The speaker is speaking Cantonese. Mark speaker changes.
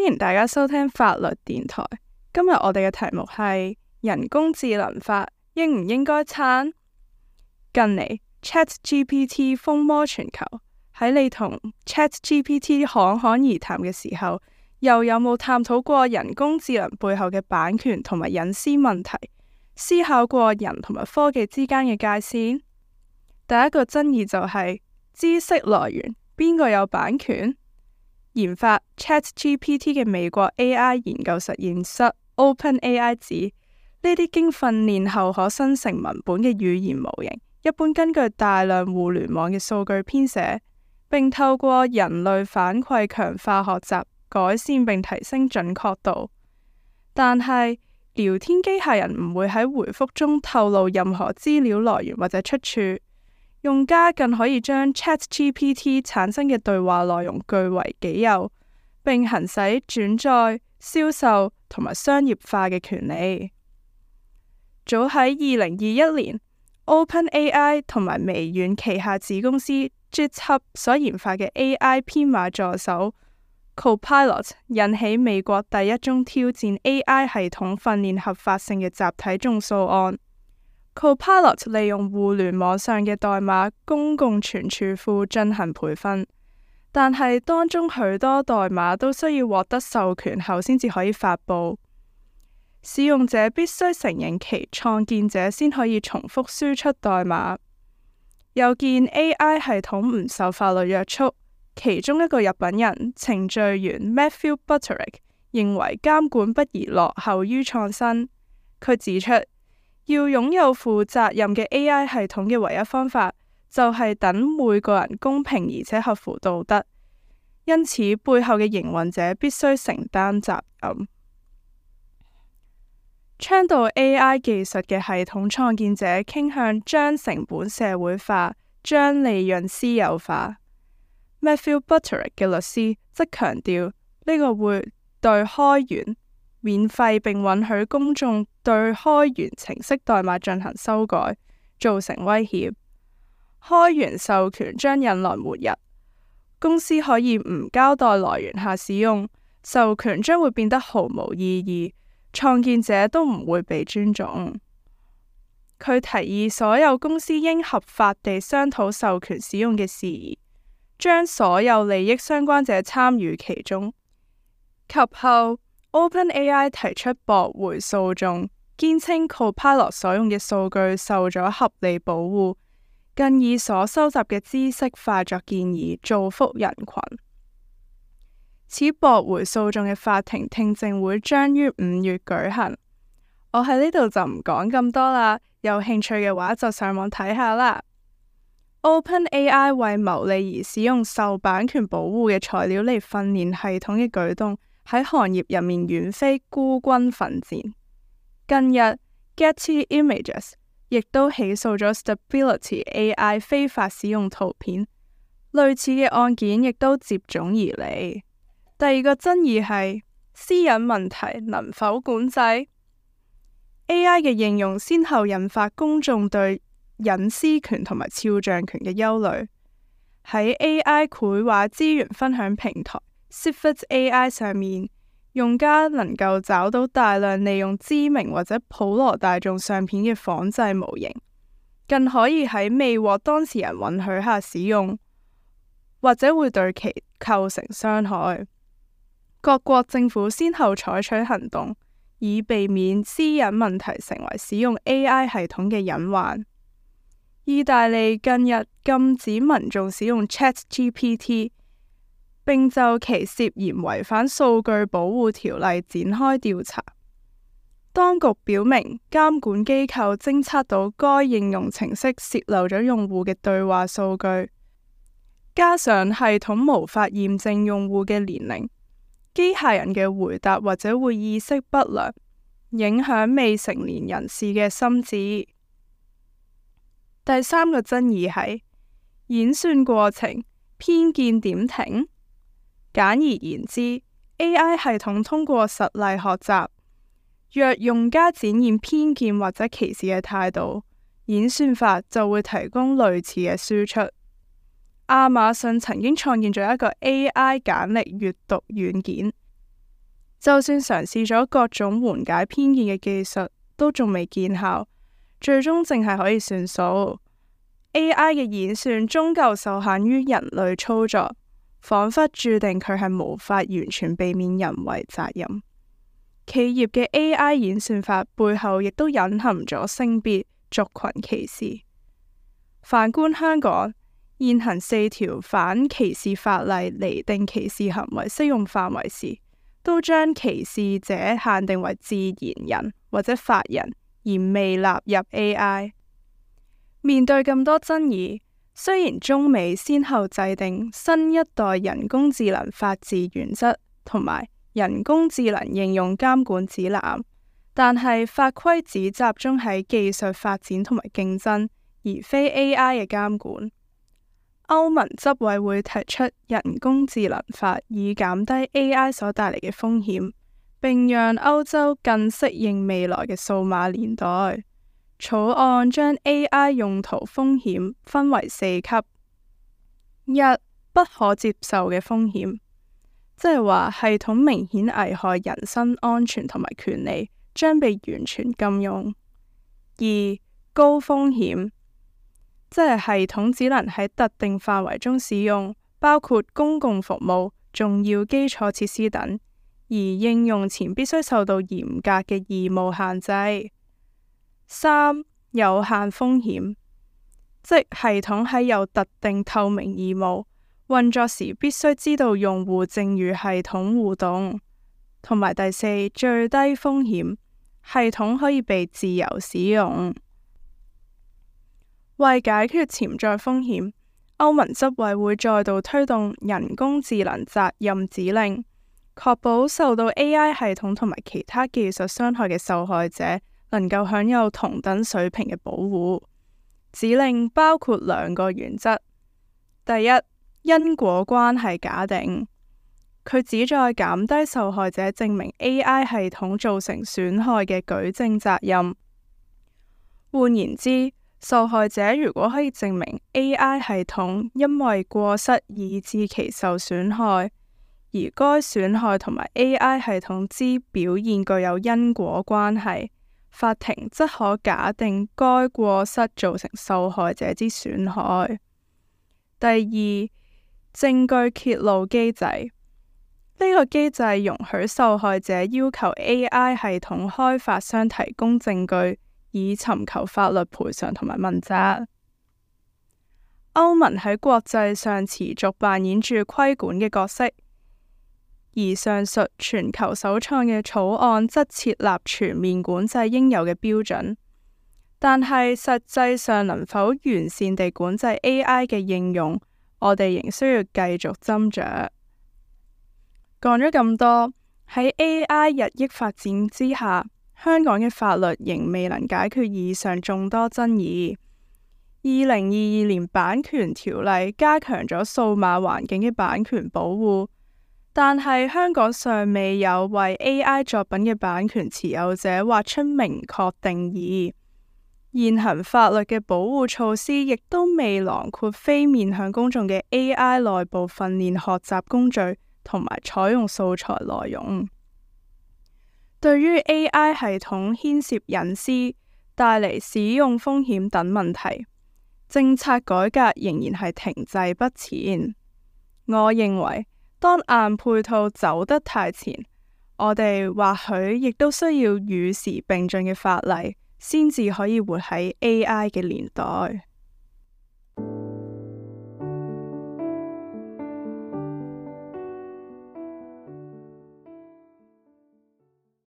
Speaker 1: 歡迎大家收聽法律電台。今日我哋嘅題目係人工智能法應唔應該撐？近嚟 ChatGPT 風靡全球。喺你同 ChatGPT 侃侃而談嘅時候，又有冇探討過人工智能背後嘅版權同埋隱私問題？思考過人同埋科技之間嘅界線？第一個爭議就係、是、知識來源，邊個有版權？研發 ChatGPT 嘅美國 AI 研究實驗室 OpenAI 指，呢啲經訓練後可生成文本嘅語言模型，一般根據大量互聯網嘅數據編寫，並透過人類反饋強化學習，改善並提升準確度。但系聊天機械人唔會喺回覆中透露任何資料來源或者出處。用家更可以將 ChatGPT 產生嘅對話內容據為己有，並行使轉載、銷售同埋商業化嘅權利。早喺二零二一年，OpenAI 同埋微軟旗下子公司 GitHub 所研發嘅 AI 編碼助手 Copilot 引起美國第一宗挑戰 AI 系統訓練合法性嘅集體訴訟案。Copilot 利用互聯網上嘅代碼公共存儲庫進行培訓，但係當中許多代碼都需要獲得授權後先至可以發布。使用者必須承認其創建者先可以重複輸出代碼。又見 AI 系統唔受法律約束，其中一個日本人程序員 Matthew Butterick 認為監管不宜落後於創新。佢指出。要擁有負責任嘅 AI 系統嘅唯一方法，就係等每個人公平而且合乎道德。因此，背後嘅營運者必須承擔責任。倡導 AI 技術嘅系統創建者傾向將成本社會化，將利潤私有化。Matthew Butterick 嘅律師則強調，呢個會對開源、免費並允許公眾。對開源程式代碼進行修改，造成威脅。開源授權將引來末日。公司可以唔交代來源下使用，授權將會變得毫無意義，創建者都唔會被尊重。佢提議所有公司應合法地商討授權使用嘅事宜，將所有利益相關者參與其中。及後，OpenAI 提出駁回訴訟。堅稱 Copilot 所用嘅數據受咗合理保護，更以所收集嘅知識化作建議造福人群。此駁回訴訟嘅法庭聽證會將於五月舉行。我喺呢度就唔講咁多啦，有興趣嘅話就上網睇下啦。OpenAI 為牟利而使用受版權保護嘅材料嚟訓練系統嘅舉動，喺行業入面遠非孤軍奮戰。近日，Getty Images 亦都起訴咗 Stability AI 非法使用圖片，類似嘅案件亦都接踵而嚟。第二個爭議係私隱問題能否管制？AI 嘅應用先後引發公眾對隱私權同埋肖像權嘅憂慮。喺 AI 繪畫資源分享平台 Shift AI 上面，用家能夠找到大量利用知名或者普羅大眾相片嘅仿製模型，更可以喺未獲當事人允許下使用，或者會對其構成傷害。各國政府先後採取行動，以避免私隱問題成為使用 AI 系統嘅隱患。意大利近日禁止民眾使用 ChatGPT。並就其涉嫌違反數據保護條例展開調查。當局表明，監管機構偵測到該應用程式泄露咗用戶嘅對話數據，加上系統無法驗證用戶嘅年齡，機械人嘅回答或者會意識不良，影響未成年人士嘅心智。第三個爭議係演算過程偏見點停。簡而言之，AI 系統通過實例學習，若用家展現偏見或者歧視嘅態度，演算法就會提供類似嘅輸出。亞馬遜曾經創建咗一個 AI 簡歷閱讀軟件，就算嘗試咗各種緩解偏見嘅技術，都仲未見效，最終淨係可以算數。AI 嘅演算終究受限於人類操作。仿佛注定佢係無法完全避免人為責任。企業嘅 AI 演算法背後亦都隱含咗性別、族群歧視。反觀香港現行四條反歧視法例釐定歧視行為適用範圍時，都將歧視者限定為自然人或者法人，而未納入 AI。面對咁多爭議，雖然中美先後制定新一代人工智能法治原則同埋人工智能應用監管指南，但係法規只集中喺技術發展同埋競爭，而非 AI 嘅監管。歐盟執委會提出人工智能法，以減低 AI 所帶嚟嘅風險，並讓歐洲更適應未來嘅數碼年代。草案將 AI 用途風險分為四級：一、不可接受嘅風險，即係話系統明顯危害人身安全同埋權利，將被完全禁用；二、高風險，即係系統只能喺特定範圍中使用，包括公共服務、重要基礎設施等，而應用前必須受到嚴格嘅義務限制。三、有限風險，即系統喺有特定透明義務，運作時必須知道用戶正與系統互動。同埋第四，最低風險，系統可以被自由使用。為解決潛在風險，歐盟執委會再度推動人工智能責任指令，確保受到 AI 系統同埋其他技術傷害嘅受害者，能夠享有同等水平嘅保護。指令包括兩個原則：第一，因果關係假定，佢旨在減低受害者證明 AI 系統造成損害嘅舉證責任。換言之，受害者如果可以證明 AI 系統因為過失以致其受損害，而該損害同埋 AI 系統之表現具有因果關係。法庭則可假定該過失造成受害者之損害。第二，證據揭露機制，呢個機制容許受害者要求 AI 系統開發商提供證據，以尋求法律賠償同埋問責。歐盟喺國際上持續扮演住規管嘅角色。而上述全球首創嘅草案則設立全面管制應有嘅標準，但係實際上能否完善地管制 AI 嘅應用，我哋仍需要繼續斟酌。講咗咁多，喺 AI 日益發展之下，香港嘅法律仍未能解決以上眾多爭議。二零二二年版權條例加強咗數碼環境嘅版權保護。但係，香港尚未有為 AI 作品嘅版權持有者劃出明確定義。現行法律嘅保護措施亦都未囊括非面向公眾嘅 AI 內部訓練學習工具同埋採用素材內容。對於 AI 系統牽涉隱私、帶嚟使用風險等問題，政策改革仍然係停滯不前。我認為。當硬配套走得太前，我哋或許亦都需要與時並進嘅法例，先至可以活喺 AI 嘅年代。